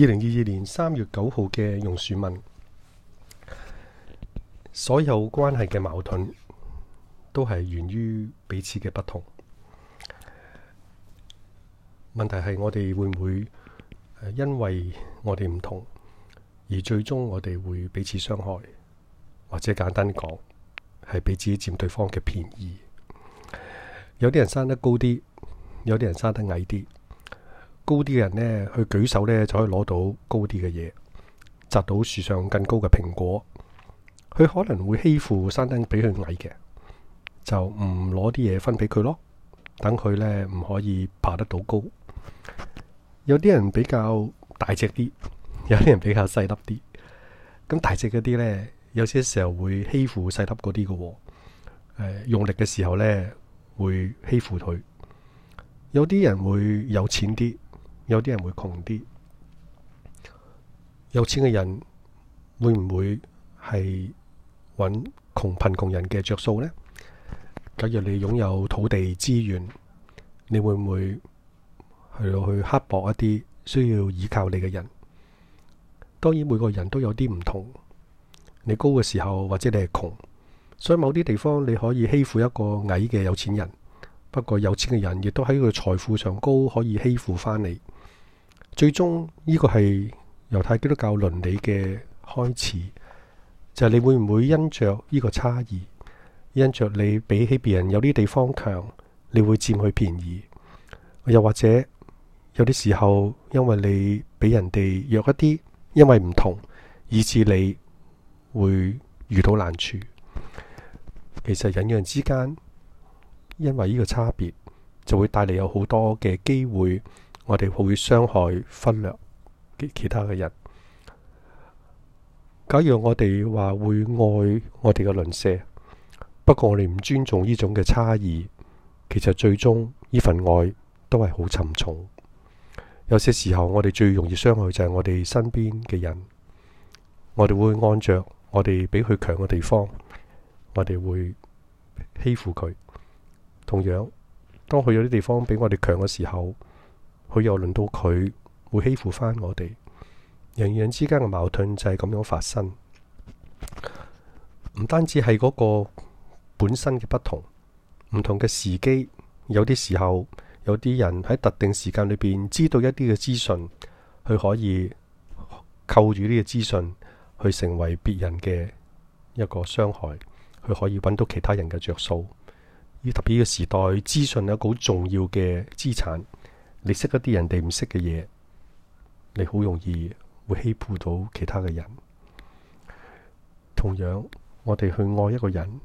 二零二二年三月九號嘅榕樹文，所有關係嘅矛盾都係源於彼此嘅不同。問題係我哋會唔會因為我哋唔同，而最終我哋會彼此傷害，或者簡單講，係彼此佔對方嘅便宜。有啲人生得高啲，有啲人生得矮啲。高啲嘅人呢，去舉手呢就可以攞到高啲嘅嘢，摘到樹上更高嘅蘋果。佢可能會欺負山頂，比佢矮嘅，就唔攞啲嘢分俾佢咯，等佢呢唔可以爬得到高。有啲人比較大隻啲，有啲人比較細粒啲。咁大隻嗰啲呢，有些時候會欺負細粒嗰啲嘅。誒、呃，用力嘅時候呢，會欺負佢。有啲人會有錢啲。有啲人會窮啲，有錢嘅人會唔會係揾窮貧窮人嘅着數呢？假如你擁有土地資源，你會唔會係去去刻薄一啲需要依靠你嘅人？當然每個人都有啲唔同。你高嘅時候或者你係窮，所以某啲地方你可以欺負一個矮嘅有錢人。不過有錢嘅人亦都喺佢財富上高可以欺負返你。最終呢、這個係猶太基督教倫理嘅開始，就係、是、你會唔會因着呢個差異，因着你比起別人有啲地方強，你會佔佢便宜，又或者有啲時候因為你比人哋弱一啲，因為唔同，以致你會遇到難處。其實人與人之間，因為呢個差別，就會帶嚟有好多嘅機會。我哋會傷害忽略其他嘅人。假如我哋話會愛我哋嘅鄰舍，不過我哋唔尊重呢種嘅差異，其實最終呢份愛都係好沉重。有些時候，我哋最容易傷害就係我哋身邊嘅人。我哋會按着我哋比佢強嘅地方，我哋會欺負佢。同樣，當去咗啲地方比我哋強嘅時候，佢又輪到佢會欺負翻我哋，人與人之間嘅矛盾就係咁樣發生。唔單止係嗰個本身嘅不同，唔同嘅時機。有啲時候，有啲人喺特定時間裏邊知道一啲嘅資訊，佢可以扣住呢個資訊去成為別人嘅一個傷害。佢可以搵到其他人嘅着數。要特別呢個時代，資訊係一個好重要嘅資產。你識一啲人哋唔識嘅嘢，你好容易會欺負到其他嘅人。同樣，我哋去愛一個人，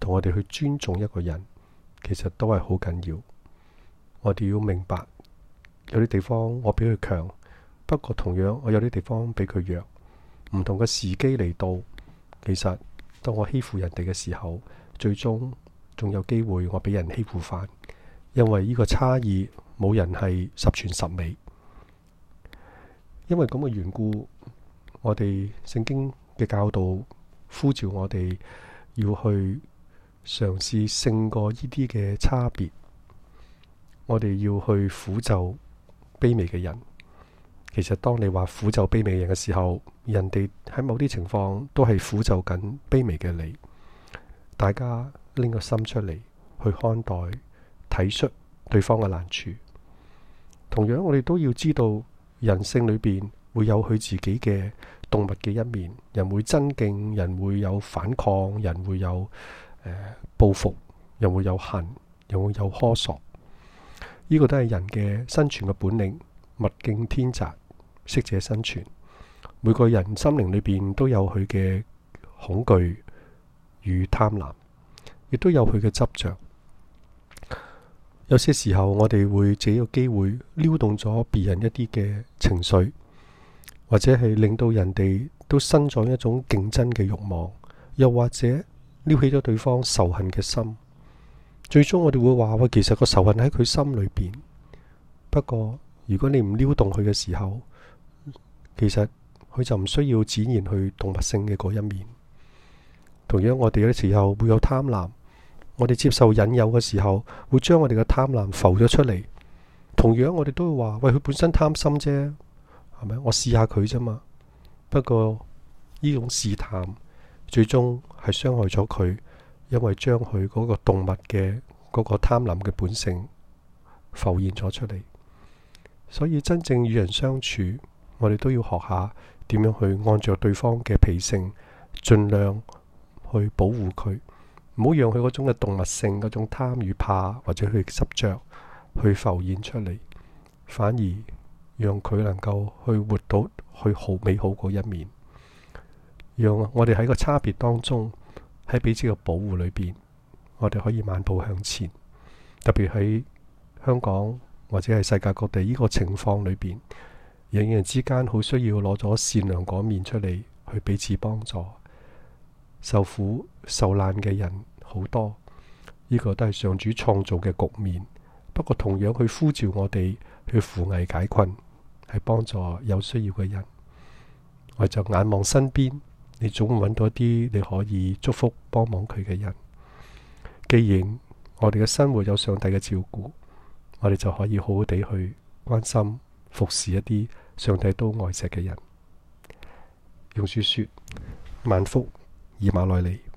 同我哋去尊重一個人，其實都係好緊要。我哋要明白有啲地方我比佢強，不過同樣我有啲地方比佢弱。唔同嘅時機嚟到，其實當我欺負人哋嘅時候，最終仲有機會我俾人欺負翻，因為呢個差異。冇人係十全十美。因為咁嘅緣故，我哋聖經嘅教導呼召我哋要去嘗試勝過呢啲嘅差別。我哋要去苦咒卑微嘅人。其實當你話苦咒卑微嘅人嘅時候，人哋喺某啲情況都係苦咒緊卑微嘅你。大家拎個心出嚟，去看待，睇出對方嘅難處。同樣，我哋都要知道人性裏邊會有佢自己嘅動物嘅一面。人會憎勁，人會有反抗，人會有誒、呃、報復，人會有恨，人會有苛索。呢、這個都係人嘅生存嘅本領。物競天擇，適者生存。每個人心靈裏邊都有佢嘅恐懼與貪婪，亦都有佢嘅執着。有些時候我哋會借個機會撩動咗別人一啲嘅情緒，或者係令到人哋都生咗一種競爭嘅慾望，又或者撩起咗對方仇恨嘅心。最終我哋會話喂，其實個仇恨喺佢心裏邊。不過如果你唔撩動佢嘅時候，其實佢就唔需要展現去動物性嘅嗰一面。同樣，我哋有時候會有貪婪。我哋接受引誘嘅時候，會將我哋嘅貪婪浮咗出嚟。同樣，我哋都會話：喂，佢本身貪心啫，係咪？我試下佢啫嘛。不過呢種試探，最終係傷害咗佢，因為將佢嗰個動物嘅嗰個貪婪嘅本性浮現咗出嚟。所以真正與人相處，我哋都要學下點樣去按照對方嘅脾性，盡量去保護佢。唔好讓佢嗰種嘅動物性、嗰種貪與怕或者佢執着去浮現出嚟，反而讓佢能夠去活到去好美好嗰一面。讓我哋喺個差別當中，喺彼此嘅保護裏邊，我哋可以慢步向前。特別喺香港或者係世界各地呢個情況裏邊，人與人之間好需要攞咗善良嗰面出嚟，去彼此幫助。受苦受難嘅人好多，呢個都係上主創造嘅局面。不過同樣去呼召我哋去扶危解困，係幫助有需要嘅人。我就眼望身邊，你總會揾到一啲你可以祝福、幫忙佢嘅人。既然我哋嘅生活有上帝嘅照顧，我哋就可以好好地去關心服侍一啲上帝都愛錫嘅人。用書說萬福。以馬內利。